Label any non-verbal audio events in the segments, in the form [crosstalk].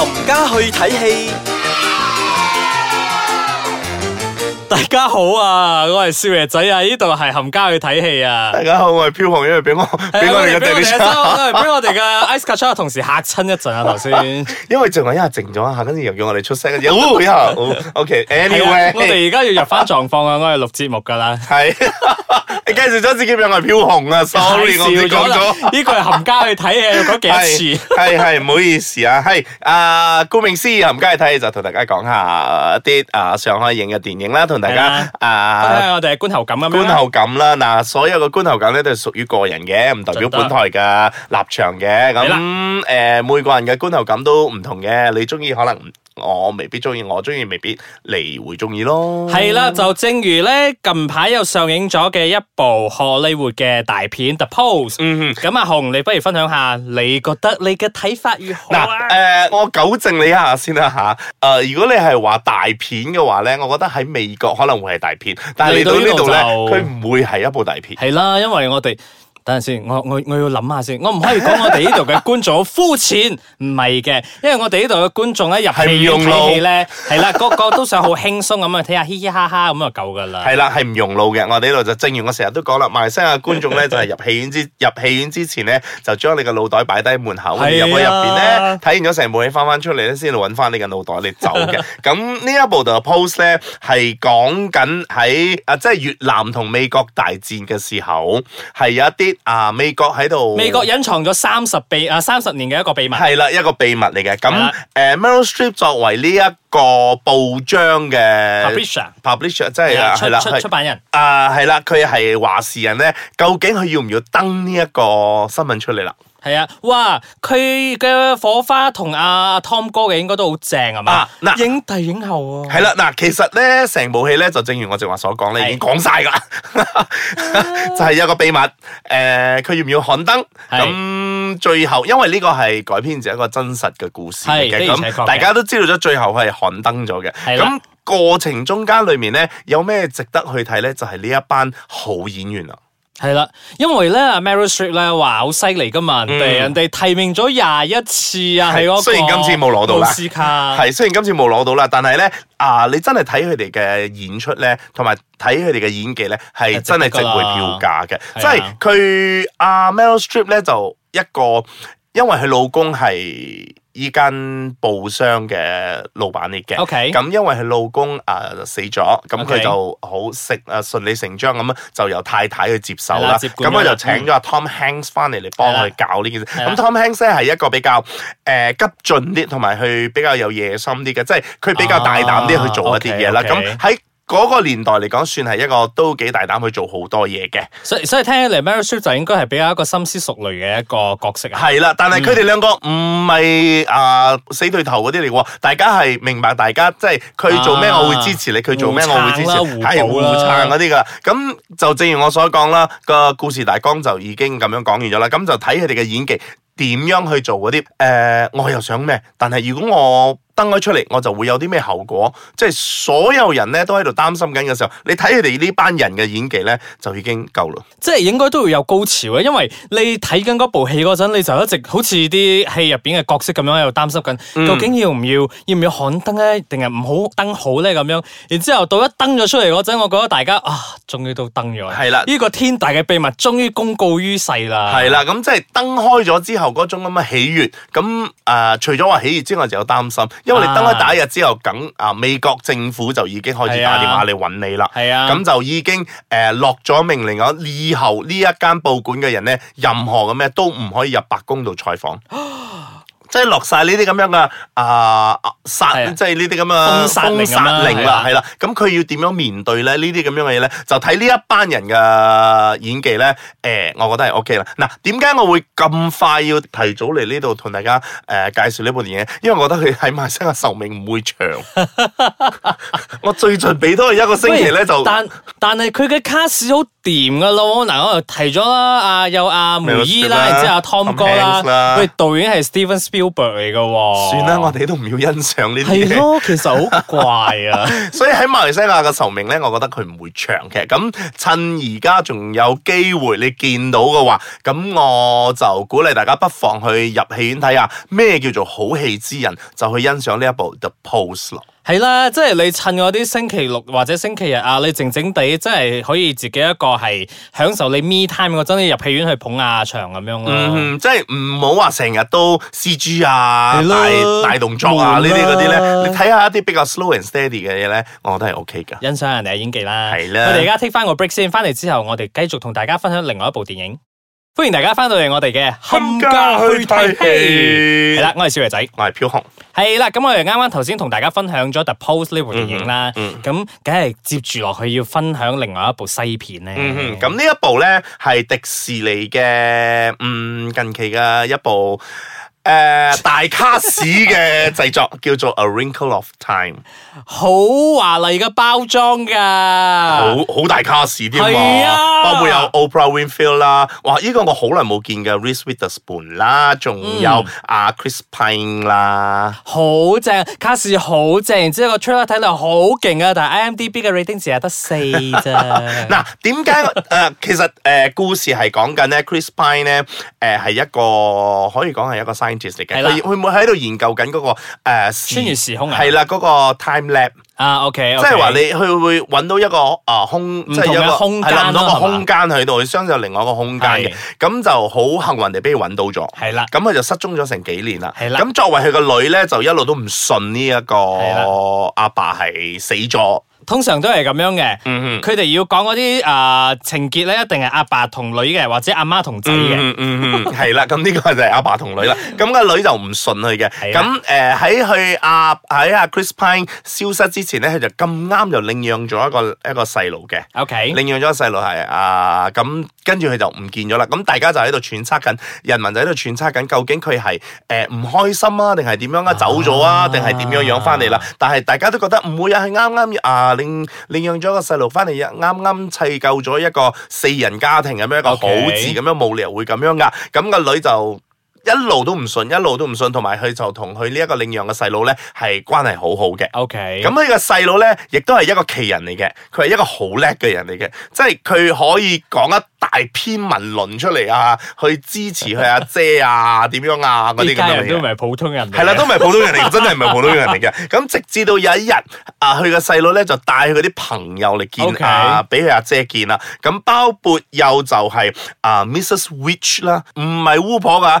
冚家去睇戲，大家好啊！我係少爺仔啊，呢度係冚家去睇戲啊！大家好，我係飄紅，因為俾我俾、啊、我哋嘅俾我哋嘅 Ice Ketchup 同時嚇親一陣啊！頭先 [laughs] 因為仲係一下靜咗一下，跟住又叫我哋出聲，跟 [laughs] [laughs] OK，Anyway，、okay，我哋而家要入翻狀況啊！我哋錄節目噶啦，係是、啊。 [laughs] 你介紹咗自己名為飄紅啊？sorry，我哋講咗呢個係冚家去睇嘅嗰幾日事。係係，唔好意思啊，係阿顧名思冚家去睇戲就同大家講下啲啊上海影嘅電影啦，同大家啊，我哋係觀後感啊。觀後感啦，嗱，所有嘅觀後感咧都係屬於個人嘅，唔代表本台嘅立場嘅。咁誒，每個人嘅觀後感都唔同嘅，你中意可能。我未必中意，我中意未必你會中意咯。係啦，就正如咧，近排又上映咗嘅一部荷里活嘅大片《The Post》hmm.。咁阿紅，你不如分享下，你覺得你嘅睇法如何啊？呃、我糾正你一下先啦吓。誒、呃，如果你係話大片嘅話呢，我覺得喺美國可能會係大片，但係你到呢度呢，佢唔、嗯、會係一部大片。係啦，因為我哋。等陣先，我我我要諗下先，我唔可以講我哋呢度嘅觀眾好膚淺，唔係嘅，因為我哋呢度嘅觀眾咧入戲院睇戲咧，係啦，個個都想好輕鬆咁去睇下，嘻嘻哈哈咁就夠㗎啦。係啦，係唔用腦嘅，我哋呢度就正如我成日都講啦，馬來西亞嘅觀眾咧就係入戲院之入戲院之前咧，就將你嘅腦袋擺低門口，入去入邊咧睇完咗成部戲翻翻出嚟咧，先至搵翻你個腦袋你走嘅。咁呢一部就 post 咧係講緊喺啊，即係越南同美國大戰嘅時候，係有一啲。啊！美國喺度，美國隱藏咗三十秘啊，三十年嘅一個秘密。係啦，一個秘密嚟嘅。咁誒、啊呃、Meryl Streep 作為呢一個報章嘅、啊、publisher，publisher Pub 即係係啦，出出版人。啊，係啦，佢係話事人咧，究竟佢要唔要登呢一個新聞出嚟啦？係啊，哇！佢嘅火花同阿 Tom 哥嘅應該都好正係嘛？啊，啊影帝影后啊！係啦，嗱、啊，其實咧成部戲咧就正如我正話所講咧，是已經講晒噶， [laughs] 啊、 [laughs] 就係有個秘密，誒、呃，佢要唔要刊登？咁是最後，因為呢個係改編自一個真實嘅故事嘅咁，是大家都知道咗最後係刊登咗嘅。咁的過程中間裏面咧有咩值得去睇咧？就係、是、呢一班好演員啊。係啦，因為咧，Meryl Streep 咧話好犀利噶嘛，嗯、人哋提名咗廿一次啊，係嗰是、嗰個奧斯卡。係雖然今次冇攞到， [laughs] 到啦，但係咧啊，你真係睇佢哋嘅演出咧，同埋睇佢哋嘅演技咧，係真係值回票價嘅。即係佢阿、啊、Meryl Streep 咧就一個，因為佢老公係。依間報商嘅老闆嚟嘅，咁 Okay. 因為係老公啊、呃、死咗，咁佢 Okay. 就好識啊，順理成章咁就由太太去接手啦。咁佢就請咗阿、嗯、Tom Hanks 翻嚟嚟幫佢搞呢件事。咁的 Tom Hanks 咧係一個比較誒、呃、急進啲，同埋去比較有野心啲嘅，即係佢比較大膽啲、啊、去做一啲嘢啦。咁喺 okay, okay. 嗰個年代嚟講，算係一個都幾大膽去做好多嘢嘅。所以所以聽起嚟，Mary Sue 就應該係比較一個深思熟慮嘅一個角色啊。係啦，但係佢哋兩個唔係啊死對頭嗰啲嚟喎，大家係明白大家即係佢做咩，我會支持你；佢做咩，我會支持。係、啊、互撐嗰啲㗎。咁就正如我所講啦，個故事大綱就已經咁樣講完咗啦。咁就睇佢哋嘅演技點樣去做嗰啲誒，我又想咩？但係如果我登咗出嚟，我就會有啲咩後果？即係所有人咧都喺度擔心緊嘅時候，你睇佢哋呢班人嘅演技咧，就已經夠啦。即係應該都會有高潮嘅，因為你睇緊嗰部戲嗰陣，你就一直好似啲戲入邊嘅角色咁樣喺度擔心緊，究竟要唔要、嗯、要唔要刊登咧，定係唔好登好咧咁樣。然之後到一登咗出嚟嗰陣，我覺得大家啊，終於都登咗啦。係啦的，呢個天大嘅秘密終於公告於世啦。係啦，咁即係登開咗之後嗰種咁嘅喜悅，咁誒、呃、除咗話喜悅之外，就有擔心。因為你登開第一日之後，咁啊美國政府就已經開始打電話嚟揾你啦。係啊，咁、啊、就已經誒落咗命令講，以後一間呢一間報館嘅人咧，任何嘅咩都唔可以入白宮度採訪。 [coughs] 即係落晒呢啲咁樣嘅啊殺，即係呢啲咁嘅封殺令啦，係啦。咁佢要點樣面對咧？呢啲咁樣嘅嘢咧，就睇呢一班人嘅演技咧。誒，我覺得係 OK 啦。嗱，點解我會咁快要提早嚟呢度同大家誒介紹呢部電影？因為我覺得佢喺漫威嘅壽命唔會長。我最近俾多佢一個星期咧就，但但係佢嘅卡 a 好掂嘅咯。嗱，我又提咗啦，阿有阿梅姨啦，然之後阿湯哥啦，佢導演係 Steven 嚟噶算啦，我哋都唔要欣賞呢啲嘢。係咯，其實好怪啊。 [laughs] 所以喺馬來西亞嘅壽命咧，我覺得佢唔會長嘅。咁趁而家仲有機會，你見到嘅話，咁我就鼓勵大家不妨去入戲院睇下咩叫做好戲之人，就去欣賞呢一部 The Post 咯。係啦，即係你趁嗰啲星期六或者星期日啊，你靜靜地，即係可以自己一個係享受你 me time，我真係入戲院去捧下場咁樣咯。嗯，即係唔好話成日都 C G 啊，啦大大動作啊些些呢啲嗰啲咧，你睇下一啲比較 slow and steady 嘅嘢咧，我覺得係 O K 噶。欣賞人哋嘅演技啦，係啦。我哋而家 take 翻個 break 先，翻嚟之後我哋繼續同大家分享另外一部電影。歡迎大家翻到嚟我哋嘅冚家去睇戲，係啦， [music] 我係小爺仔，我係飄紅，係啦。咁我哋啱啱頭先同大家分享咗 The Post 呢部電影啦，咁梗係接住落去要分享另外一部西片咧。咁呢、嗯、一部咧係迪士尼嘅，嗯，近期嘅一部。誒，大卡士嘅製作叫做《A Wrinkle of Time》，好華麗嘅包裝噶，好好大卡士添喎，包括有 Oprah Winfrey 啦，哇，呢個我好耐冇見噶，Reese Witherspoon 啦，仲有阿 Chris Pine 啦，好正，卡士好正，然之後個 trailer 睇落好勁啊，但係 IMDB 嘅 rating 只係得四咋，嗱，點解誒，其實誒，故事係講緊咧，Chris Pine 咧，誒，係一個可以講係一個山。係啦，佢會唔會喺度研究緊嗰個誒穿越時空啊，係啦嗰個 time lab 啊，OK，即係話你佢會揾到一個誒空唔同嘅空間空係嘅，咁就好幸運地俾佢揾到咗，係啦。咁佢就失蹤咗成幾年啦，係啦。咁作為佢個女咧，就一路都唔信呢一個阿爸係死咗。通常都係咁樣嘅，佢哋要講嗰啲誒情結咧，一定係阿爸同女嘅，或者阿媽同仔嘅，係啦。咁呢個就係阿爸同女啦。咁個女就唔順佢嘅。咁誒喺佢阿喺阿 Chris Pine 消失之前咧，佢就咁啱就領養咗一個一個細路嘅。O K，領養咗個細路係啊。咁跟住佢就唔見咗啦。咁大家就喺度揣測緊，人民就喺度揣測緊，究竟佢係誒唔開心啊，定係點樣啊，走咗啊，定係點樣樣翻嚟，啦？但係大家都覺得唔會啊，係啱啱啊。另領養咗個細路翻嚟，啱啱砌夠咗一個四人家庭咁樣一個好字，咁 Okay. 樣冇理由會咁樣㗎。咁個女就。一路都唔信，一路都唔信，同埋佢就同佢呢一個領養嘅細佬咧，係關係好好嘅。OK，咁佢個細佬咧，亦都係一個奇人嚟嘅，佢係一個好叻嘅人嚟嘅，即係佢可以講一大篇文論出嚟啊，啊去支持佢阿姐啊，點樣啊，嗰啲咁樣都唔係普,普通人，係啦，都唔係普通人嚟嘅，真係唔係普通人嚟嘅。咁 version 直至到有一日，弟弟弟 eyes, okay. 啊，佢個細佬咧就帶佢啲朋友嚟見啊，俾佢阿姐見啦。咁包括幼就係、是、啊 Mrs Witch 啦，唔係巫婆噶。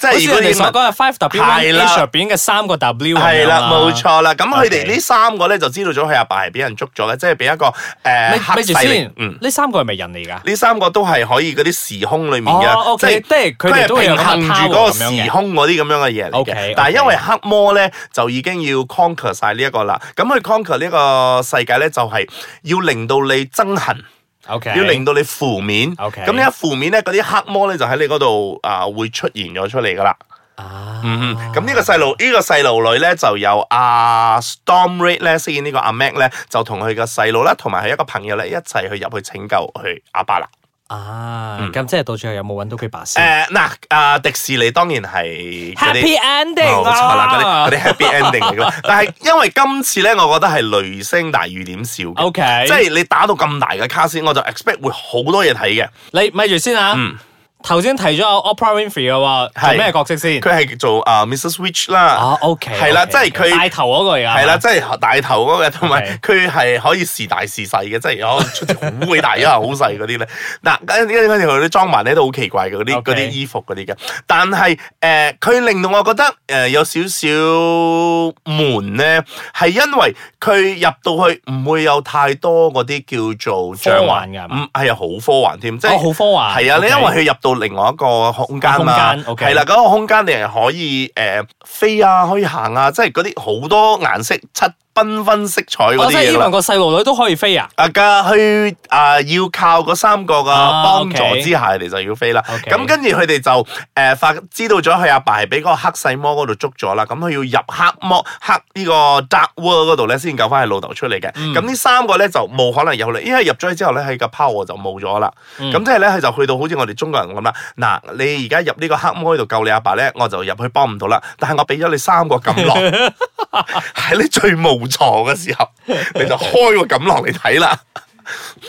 即係如果你話嗰日 five W，特別 mention 嘅三個 W，係啦，冇錯啦。咁佢哋呢三個咧，就知道咗佢阿爸係俾人捉咗咧，即係俾一個誒黑勢力。嗯，呢三個係咪人嚟噶？呢三個都係可以嗰啲時空裏面嘅，哦、okay，即係即係佢哋平行住嗰個時空嗰啲咁樣嘅嘢嚟嘅。哦、okay，但係因為黑魔咧，就已經要 conquer 晒呢一個啦。咁佢 conquer 呢個世界咧，就係、是、要令到你憎恨。Okay. 要令到你負面，咁呢一負面咧，嗰啲黑魔咧就喺你嗰度啊會出現咗出嚟噶啦。啊，咁呢個細路呢個細路女咧，就由阿 Storm Reid 咧，飾演呢個阿 Mac 咧，就同佢個細路啦，同埋佢一個朋友咧一齊去入去拯救去阿爸啦。啊，咁、嗯、即係到最後有冇揾到佢把聲？誒、呃，嗱、呃，阿迪士尼當然係 Happy Ending 冇錯啦。嗰啲嗰啲 Happy Ending 嚟。 [laughs] 但係因為今次咧，我覺得係雷聲大雨點小。OK，即係你打到咁大嘅卡先，我就 expect 會好多嘢睇嘅。你咪住先啊。嗯頭先提咗 Opera Winfrey 嘅喎，係咩角色先？佢係做啊 Mrs. Witch 啦，OK 係啦，即係佢大頭嗰個嚟噶，係啦，即係大頭嗰個，同埋佢係可以時大時細嘅，即係有好鬼大，有係好細嗰啲咧。嗱，一一佢啲裝扮咧都好奇怪嘅，嗰啲啲衣服嗰啲嘅。但係誒，佢令到我覺得誒有少少悶咧，係因為佢入到去唔會有太多嗰啲叫做科幻嘅，嗯，係啊，好科幻添，即係哦，好科幻，係啊，你因為佢入到。到另外一個空間嘛，係啦、啊，嗰、okay. 嗰個空間你係可以誒、呃、飛啊，可以行啊，即係嗰啲好多顏色七。繽紛色彩嗰啲咯，oh, 即係可能個細路女都可以飛啊！啊，家去啊，要靠個三個嘅幫、ah, okay. 助之下，你就要飛啦。咁 Okay. 跟住佢哋就誒發、呃、知道咗，佢阿爸係俾嗰個黑細魔嗰度捉咗啦。咁佢要入黑魔黑呢個 dark world 嗰度咧，先救翻佢老豆出嚟嘅。咁呢三個咧就冇可能有啦，因為入咗去之後咧，佢嘅 power 就冇咗啦。咁、嗯、即係咧，佢就去到好似我哋中國人咁啦。嗱，你而家入呢個黑魔嗰度救你阿爸咧，我就入去幫唔到啦。但係我俾咗你三個咁耐，喺 [laughs] 你最無錯嘅時候，你就開個錦囊嚟睇啦。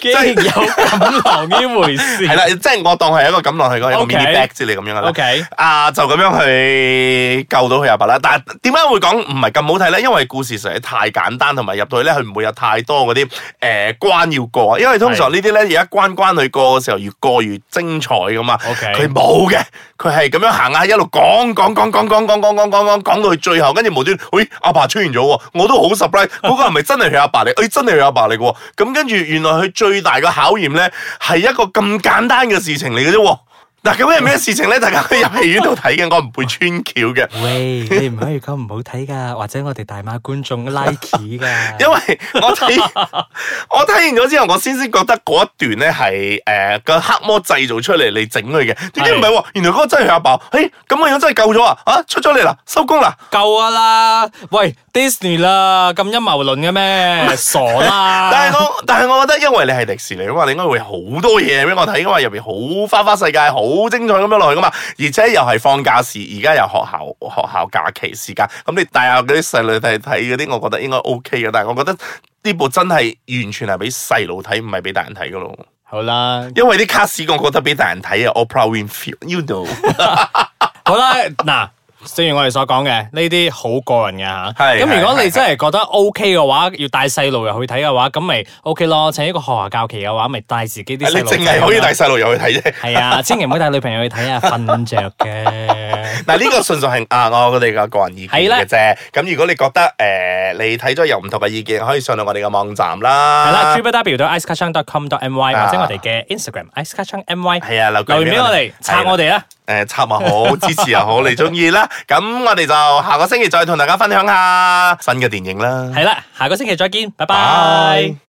真係 [laughs] 有錦囊呢回事？係啦， [laughs] 即係我當係一個錦囊嚟講，有 Okay. mini bag 之類咁樣啦。OK，啊，就咁樣去救到佢阿伯啦。但係點解會講唔係咁好睇咧？因為故事實在太簡單，同埋入到去咧，佢唔會有太多嗰啲誒關要過。因為通常呢啲咧，而家是關關去過嘅時候，越過越精彩噶嘛。OK，佢冇嘅。佢係咁樣行啊，一路講講講講講講講講講到最後，跟住無端，誒阿爸出現咗喎，我都好 surprise，嗰個係咪真係佢阿爸嚟？誒真係佢阿爸嚟嘅喎，咁跟住原來佢最大嘅考驗呢，係一個咁簡單嘅事情嚟嘅啫喎。嗱，咁係咩事情咧？大家去入戲院度睇嘅，我唔會穿橋嘅。喂，你唔可以講唔好睇噶，或者我哋大馬觀眾 Nike 噶。 [laughs] 因為我睇 [laughs] 我睇完咗之後，我先先覺得嗰一段咧係誒個黑魔製造出嚟你整佢嘅，點解唔係？是原來嗰個真係阿爸，爸。嘿、欸，咁嘅樣真係夠咗啊！啊，出咗嚟啦，收工啦，夠啊啦。喂，Disney 啦，咁陰謀論嘅咩？是傻啦！ [laughs] 但係我但係我覺得，因為你係迪士尼啊嘛，你應該會好多嘢俾我睇嘅話，入邊好花花世界，好。好精彩咁樣落去噶嘛，而且又係放假時，而家又學校學校假期時間，咁你帶下嗰啲細女睇睇嗰啲，我覺得應該 OK 嘅。但係我覺得呢部真係完全係俾細路睇，唔係俾大人睇噶咯。好啦，因為啲卡士，我覺得俾大人睇啊，我 Oprah Winfrey，you know. [laughs] [laughs] 好啦，嗱。正如我哋所講嘅，呢啲好個人嘅吓。咁如果你真係覺得 O K 嘅話，要帶細路入去睇嘅話，咁咪 O K 咯。請一個學校假期嘅話，咪帶自己啲細路。你淨係可以帶細路入去睇啫。係啊，千祈唔好帶女朋友去睇啊，瞓着嘅。嗱，呢個純粹係啊我哋嘅個人意見嚟嘅啫。咁如果你覺得誒，你睇咗有唔同嘅意見，可以上到我哋嘅網站啦。係啦 www.icekachang.com.my，或者我哋嘅 Instagram icekachangmy，係啊，留言俾我哋，插我哋啦。誒，插又好，支持又好，你中意啦。咁我哋就下個星期再同大家分享下新嘅電影啦。係啦，下個星期再見，拜拜 bye。